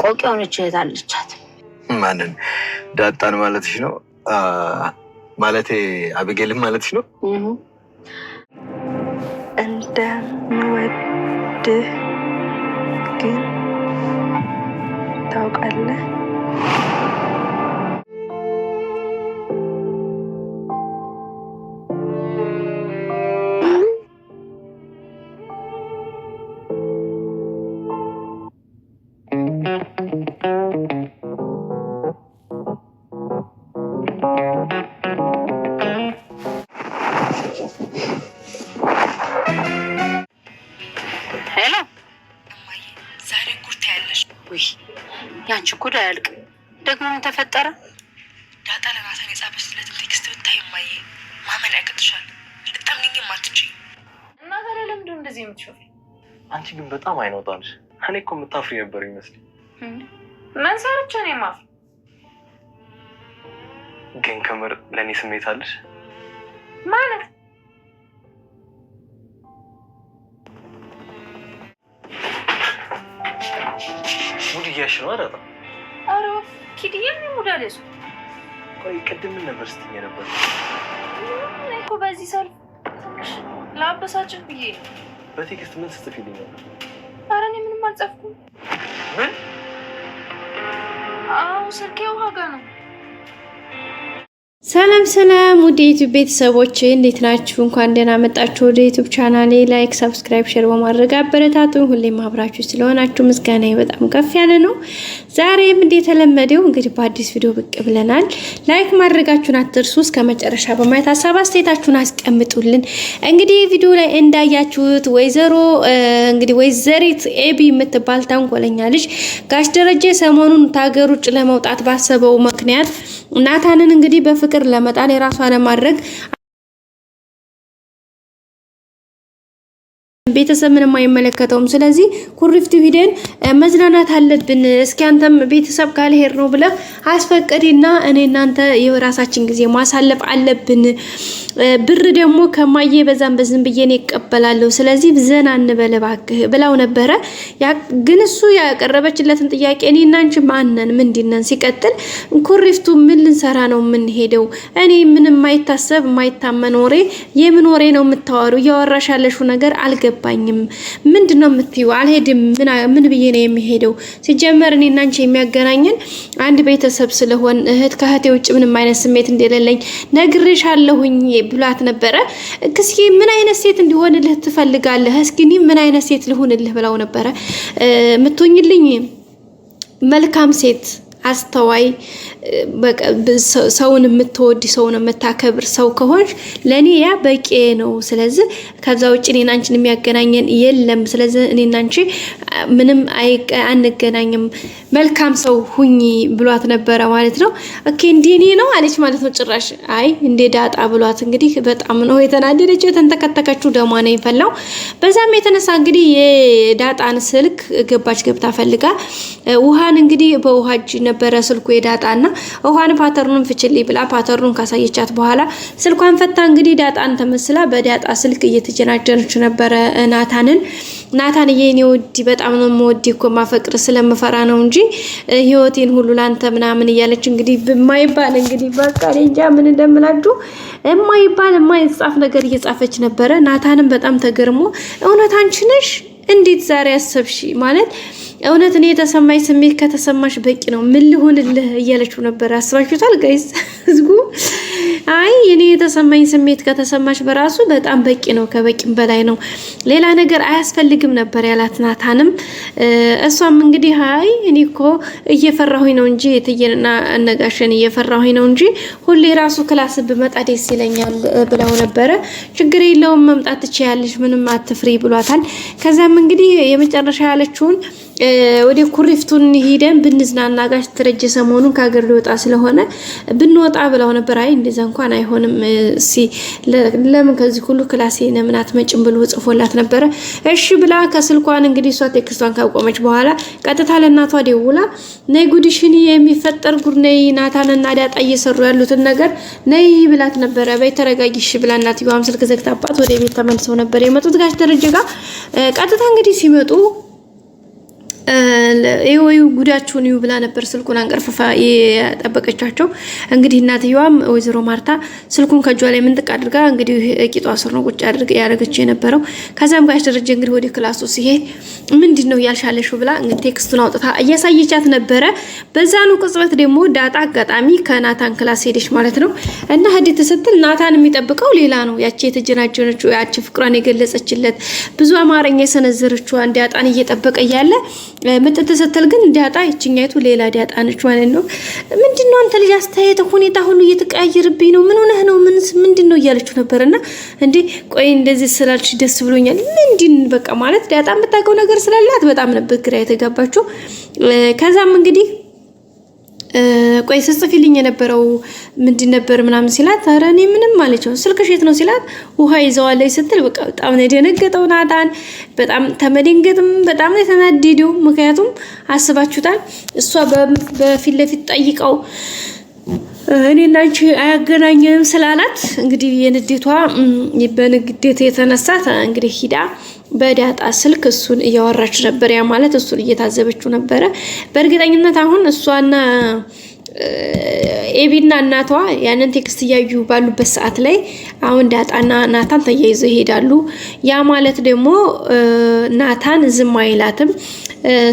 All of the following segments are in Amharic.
ቆቅ የሆነች እህት አለቻት። ማንን? ዳጣን ማለትሽ ነው? ማለቴ አብጌልን ማለትሽ ነው? እንደምወድህ ግን ታውቃለህ። ሄሎ ዛሬ ጉርታ ያለሽ ወይ? ያንቺ ጉድ አያልቅም። ደግሞ ምን ተፈጠረ? ዳጣ ለናታን የጻፈችለትን ቴክስት ብታይ እማዬ ማመን ያቅትሻል። በጣም ልኝ ማትች እና ታዲያ ለምንድን እንደዚህ የምትሾፊ? አንቺ ግን በጣም አይነውጣልሽ። እኔ እኮ የምታፍሪ ነበር ይመስል። ምን ሰርቼ ነው የማፍር? ግን ከምር ለእኔ ስሜት አለሽ ማለት እያሽ ነው አናታ? አረ ኪድዬ የኔ ሙድ አለሽ? ቆይ ቅድም ምን ነበር ስትኛ ነበር? እኮ በዚህ ሰል ትንሽ ላበሳጭህ ብዬ ነው። በቴክስት ምን ስትጽፊልኝ ነበር? አረ እኔ ምንም አልጻፍኩም። ምን? አዎ ስልኬ ውሃ ጋር ነው ሰላም ሰላም ውድ የዩቲዩብ ቤተሰቦች እንዴት ናችሁ? እንኳን ደህና መጣችሁ ወደ ዩቲዩብ ቻናሌ። ላይክ፣ ሰብስክራይብ፣ ሼር በማድረግ አበረታቱ። ሁሌም አብራችሁ ስለሆናችሁ ምስጋና በጣም ከፍ ያለ ነው። ዛሬም እንደተለመደው እንግዲህ በአዲስ ቪዲዮ ብቅ ብለናል። ላይክ ማድረጋችሁን አትርሱ። እስከ መጨረሻ በማየት ሀሳብ አስተያየታችሁን አስቀምጡልን። እንግዲህ ቪዲዮ ላይ እንዳያችሁት ወይዘሮ እንግዲህ ወይዘሪት ኤቢ የምትባል ተንኮለኛ ልጅ ጋሽ ደረጀ ሰሞኑን ታገር ውጭ ለመውጣት ባሰበው ምክንያት ናታንን እንግዲህ ፍቅር ለመጣን የራሷን ለማድረግ ቤተሰብ ምንም አይመለከተውም። ስለዚህ ኩሪፍቱ ሂደን መዝናናት አለብን። እስኪ አንተም ቤተሰብ ካልሄድ ነው ብለህ አስፈቅድና እኔ እናንተ የራሳችን ጊዜ ማሳለፍ አለብን። ብር ደግሞ ከማዬ በዛም በዝም ብዬን ይቀበላለሁ። ስለዚህ ዘና እንበል እባክህ ብላው ነበረ። ግን እሱ ያቀረበችለትን ጥያቄ እኔና አንቺ ማነን ምንድነን? ሲቀጥል ኩሪፍቱ ምን ልንሰራ ነው የምንሄደው? እኔ ምንም ማይታሰብ የማይታመን ወሬ የምን ወሬ ነው የምታወሩ? እያወራሽ ያለሽው ነገር አልገባኝም። ምንድን ነው የምትዩ? አልሄድም። ምን ብዬ ነው የሚሄደው? ሲጀመር እኔና አንቺ የሚያገናኘን አንድ ቤተሰብ ስለሆን እህት ከእህቴ ውጭ ምንም አይነት ስሜት እንደሌለኝ ነግሬሻለሁኝ ብሏት ነበረ። እስኪ ምን አይነት ሴት እንዲሆንልህ ትፈልጋለህ? እስኪ እኔ ምን አይነት ሴት ልሁንልህ ብላው ነበረ። ምትሆኝልኝ መልካም ሴት አስተዋይ ሰውን የምትወድ ሰውን የምታከብር ሰው ከሆንሽ ለእኔ ያ በቂ ነው። ስለዚህ ከዛ ውጭ እኔን አንቺን የሚያገናኘን የለም። ስለዚህ እኔና አንቺ ምንም አንገናኝም፣ መልካም ሰው ሁኚ ብሏት ነበረ ማለት ነው። ኦኬ እንዲህ እኔ ነው አለች ማለት ነው። ጭራሽ አይ እንዴ ዳጣ ብሏት እንግዲህ በጣም ነው የተናደደችው። የተንተከተከችው ደሟ ነው የፈላው። በዛም የተነሳ እንግዲህ የዳጣን ስልክ ገባች ገብታ ፈልጋ ውሃን እንግዲህ በውሃ እጅ ነበር ነበረ ስልኩ የዳጣና ውሃን ፓተርኑን ፍችልኝ ብላ ፓተርኑን ካሳየቻት በኋላ ስልኳን ፈታ። እንግዲህ ዳጣን ተመስላ በዳጣ ስልክ እየተጀናጀነች ነበረ ናታንን። ናታን እኔ ወዲ በጣም ነው የምወዲ እኮ ማፈቅር ስለምፈራ ነው እንጂ ህይወቴን ሁሉ ላንተ ምናምን እያለች እንግዲህ በማይባል እንግዲህ በቃ እንጃ ምን እንደምላችሁ የማይባል የማይጻፍ ነገር እየጻፈች ነበረ። ናታንም በጣም ተገርሞ እውነት አንቺ ነሽ እንዴት ዛሬ አሰብሽ? ማለት እውነት እኔ የተሰማኝ ስሜት ከተሰማሽ በቂ ነው። ምን ልሆንልህ እያለችው ነበር። አስባችሁታል ጋይስ ህዝቡ አይ እኔ የተሰማኝ ስሜት ከተሰማሽ በራሱ በጣም በቂ ነው፣ ከበቂም በላይ ነው። ሌላ ነገር አያስፈልግም ነበር ያላት ናታንም። እሷም እንግዲህ አይ እኔ እኮ እየፈራሁኝ ነው እንጂ የትየና አነጋሽን እየፈራሁኝ ነው እንጂ ሁሌ ራሱ ክላስ ብመጣ ደስ ይለኛል ብለው ነበረ። ችግር የለውም መምጣት ትችያለሽ፣ ምንም አትፍሪ ብሏታል። ከዚያም እንግዲህ የመጨረሻ ያለችውን ወደ ኩሪፍቱን ሄደን ብንዝናና ጋሽ ተረጀ ሰሞኑን ከሀገር ሊወጣ ስለሆነ ብንወጣ ብለው ነበር። አይ እንደዛ እንኳን አይሆንም፣ እሲ ለምን ከዚህ ሁሉ ክላሴ ነምናት መጭም ብሎ ጽፎላት ነበረ። እሺ ብላ ከስልኳን እንግዲህ እሷ ቴክስቷን ካቆመች በኋላ ቀጥታ ለእናቷ ደውላ ነይ ጉድሽን የሚፈጠር ጉድ ነይ ናታንና ዳጣ እየሰሩ ያሉትን ነገር ነይ ብላት ነበረ። በይ ተረጋጊሽ ብላ እናትየዋም ስልክ ዘግታባት ወደ ቤት ተመልሰው ነበር የመጡት ጋሽ ደረጀ ጋር ቀጥታ እንግዲህ ሲመጡ ይወዩ ጉዳችሁን ዩ ብላ ነበር ስልኩን አንቀርፍፋ የጠበቀቻቸው። እንግዲህ እናትየዋም ወይዘሮ ማርታ ስልኩን ከእጇ ላይ ምንጥቅ አድርጋ እንግዲህ ቂጧ ስር ነው ቁጭ አድርግ ያደረገች የነበረው። ከዚያም ጋሽ ደረጀ እንግዲህ ወደ ክላሱ ሲሄድ ምንድን ነው ያልሻለሹ ብላ እንግዲህ ቴክስቱን አውጥታ እያሳየቻት ነበረ። በዛኑ ቅጽበት ደግሞ ዳጣ አጋጣሚ ከናታን ክላስ ሄደች ማለት ነው እና ህድ ስትል ናታን የሚጠብቀው ሌላ ነው። ያቺ የተጀናጀነችው ያቺ ፍቅሯን የገለጸችለት ብዙ አማርኛ የሰነዘረችዋ እንዲያጣን እየጠበቀ እያለ ምጥጥ ስትል ግን ዳጣ ይችኛይቱ ሌላ ዳጣ ነች ማለት ነው። ምንድን ነው አንተ ልጅ አስተያየት ሁኔታ ሁሉ እየተቀያየርብኝ ነው፣ ምን ሆነህ ነው፣ ምንስ ምንድን ነው እያለችው ነበር። እና እንዴ ቆይ እንደዚህ ስላልሽ ደስ ብሎኛል። ምንድን በቃ ማለት ዳጣ የምታውቀው ነገር ስላላት በጣም ነበር ግራ የተጋባችው። ከዛም እንግዲህ ቆይ ስጽፊልኝ የነበረው ምንድን ነበር ምናምን ሲላት፣ ኧረ እኔ ምንም ማለችው። ስልክሽ የት ነው ሲላት፣ ውሃ ይዘዋለች ስትል በቃ በጣም ነው የደነገጠው ናታን። በጣም ተመደንገጥም በጣም ነው የተናደደው። ምክንያቱም አስባችሁታል፣ እሷ በፊት ለፊት ጠይቀው እኔና አንቺ አያገናኘንም ስላላት እንግዲህ የንዴቷ በንግዴት የተነሳ እንግዲህ ሂዳ በዳጣ ስልክ እሱን እያወራች ነበር። ያ ማለት እሱን እየታዘበችው ነበረ። በእርግጠኝነት አሁን እሷና ኤቢና እናቷ ያንን ቴክስት እያዩ ባሉበት ሰዓት ላይ አሁን ዳጣና ናታን ተያይዘው ይሄዳሉ። ያ ማለት ደግሞ ናታን ዝም አይላትም።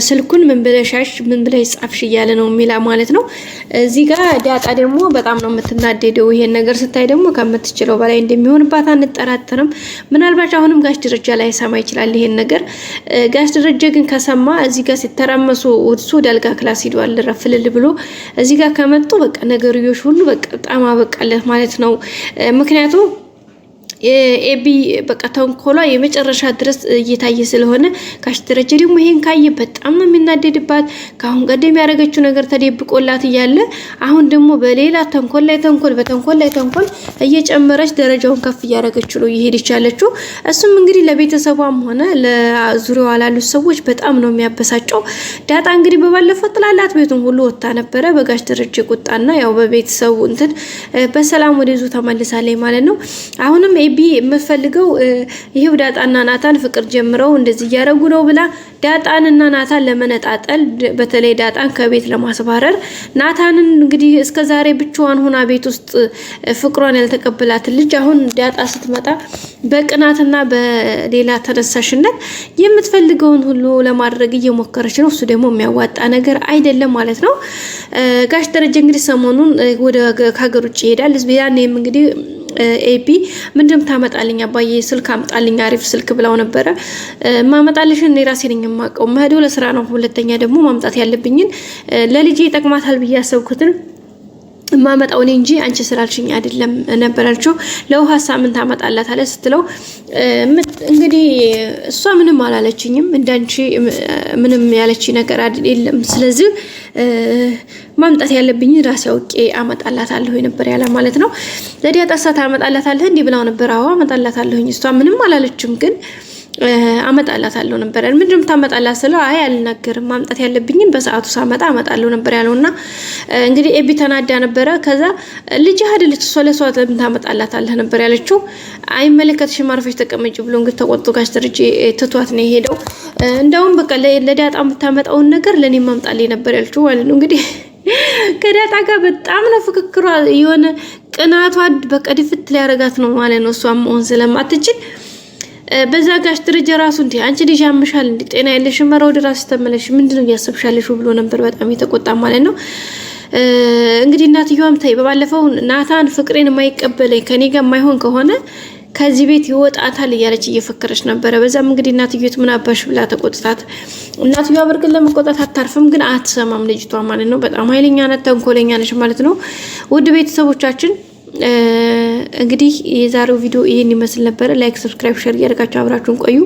ስልኩን ምን ብለሻሽ ምን ብለሽ ጻፍሽ እያለ ነው የሚላ ማለት ነው። እዚህ ጋር ዳጣ ደግሞ በጣም ነው የምትናደደው። ይሄን ነገር ስታይ ደግሞ ከምትችለው በላይ እንደሚሆንባት አንጠራጠርም። ምናልባት አሁንም ጋሽ ደረጃ ላይ ሰማ ይችላል ይሄን ነገር። ጋሽ ደረጃ ግን ከሰማ እዚህ ጋር ሲተራመሱ ወድሱ ዳልጋ ክላስ ሂዷል ረፍልል ብሎ እዚህ ጋር ከመጡ በቃ ነገርዮሽ ሁሉ በቃ በጣም አበቃለት ማለት ነው ምክንያቱም ኤቢ በቃ ተንኮሏ የመጨረሻ ድረስ እየታየ ስለሆነ ጋሽ ደረጀ ደግሞ ይሄን ካየ በጣም ነው የሚናደድባት። ከአሁን ቀደም ያደረገችው ነገር ተደብቆላት እያለ አሁን ደግሞ በሌላ ተንኮል ላይ ተንኮል በተንኮል ላይ ተንኮል እየጨመረች ደረጃውን ከፍ እያደረገችው ነው እየሄደች ያለችው። እሱም እንግዲህ ለቤተሰቧም ሆነ ለዙሪያዋ ላሉት ሰዎች በጣም ነው የሚያበሳጨው። ዳጣ እንግዲህ በባለፈው ጥላላት ቤቱን ሁሉ ወጥታ ነበረ በጋሽ ደረጀ ቁጣና ያው በቤተሰቡ እንትን በሰላም ወደ ይዞ ተመልሳለች ማለት ነው አሁንም ሜቢ የምፈልገው ይሄው ዳጣና ናታን ፍቅር ጀምረው እንደዚህ እያደረጉ ነው ብላ ዳጣንና ናታን ለመነጣጠል በተለይ ዳጣን ከቤት ለማስባረር ናታንን እንግዲህ እስከ ዛሬ ብቻዋን ሆና ቤት ውስጥ ፍቅሯን ያልተቀበላትን ልጅ አሁን ዳጣ ስትመጣ በቅናትና በሌላ ተነሳሽነት የምትፈልገውን ሁሉ ለማድረግ እየሞከረች ነው። እሱ ደግሞ የሚያዋጣ ነገር አይደለም ማለት ነው። ጋሽ ደረጀ እንግዲህ ሰሞኑን ወደ ከሀገር ውጭ ይሄዳል። ያኔም እንግዲህ ኤቢ ምንድም ታመጣልኝ አባዬ ስልክ አምጣልኝ አሪፍ ስልክ ብላው ነበረ። ማመጣልሽን እኔ ራሴ ነኝ የማውቀው። መሄደው ለስራ ነው። ሁለተኛ ደግሞ ማምጣት ያለብኝን ለልጄ ይጠቅማታል ብዬ ያሰብኩትን የማመጣው እኔ እንጂ አንቺ ስላልሽኝ አይደለም ነበረችው ለውሃ ሳምንት አመጣላት አለ ስትለው እንግዲህ እሷ ምንም አላለችኝም እንዳንቺ ምንም ያለች ነገር የለም። ስለዚህ ማምጣት ያለብኝ ራሴ አውቄ አመጣላታለሁ ነበር ያለ ማለት ነው። ለዲያ ጣሳት አመጣላታለህ እንዲህ ብላው ነበር። አዎ አመጣላታለሁኝ። እሷ ምንም አላለችም ግን አመጣላት አለው ነበር ያል ምንድን የምታመጣላት ስለው አይ አልናገርም፣ ማምጣት ያለብኝን በሰዓቱ ሳመጣ አመጣለሁ ነበር ያለው። እና እንግዲህ ኤቢ ተናዳ ነበረ። ከዛ ልጅ ልጅ እሷ ለሷ ታመጣላት አለ ነበር ያለችው። አይመለከትሽም አርፈሽ ተቀመጭ ብሎ እንግዲህ ተቆጥቶ ጋሽ ደረጀ ትቷት ነው የሄደው። እንደውም በቃ ለዳጣ የምታመጣውን ነገር ለእኔ ማምጣልኝ ነበር ያለችው ማለት ነው እንግዲህ ከዳጣ ጋር በጣም ነው ፍክክሯ። የሆነ ቅናቷ በቀድፍት ሊያረጋት ነው ማለት ነው እሷ መሆን ስለማትችል በዛ ጋሽ ደረጃ ራሱ እንዲህ አንቺ ልጅ ያምሻል እንዲ ጤና የለሽም፣ ኧረ ወደ ራስሽ ተመለሽ፣ ምንድን ነው እያሰብሻለሽ ብሎ ነበር። በጣም የተቆጣ ማለት ነው። እንግዲህ እናትየዋም ታይ በባለፈው ናታን ፍቅሬን የማይቀበለኝ ከኔ ጋር የማይሆን ከሆነ ከዚህ ቤት ይወጣታል እያለች እየፈከረች ነበረ። በዛም እንግዲህ እናትዮት ምን አባሽ ብላ ተቆጥታት፣ እናትዮዋ በርግን ለመቆጣት አታርፍም፣ ግን አትሰማም ልጅቷ ማለት ነው። በጣም ኃይለኛ ናት፣ ተንኮለኛ ነች ማለት ነው። ውድ ቤተሰቦቻችን እንግዲህ የዛሬው ቪዲዮ ይህን ይመስል ነበረ። ላይክ፣ ሰብስክራይብ፣ ሸር እያደረጋችሁ አብራችሁን ቆዩ።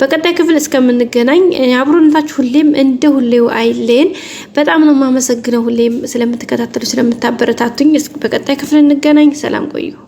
በቀጣይ ክፍል እስከምንገናኝ አብሮነታችሁ ሁሌም እንደ ሁሌው አይለየን። በጣም ነው የማመሰግነው ሁሌም ስለምትከታተሉ ስለምታበረታቱኝ። በቀጣይ ክፍል እንገናኝ። ሰላም ቆዩ።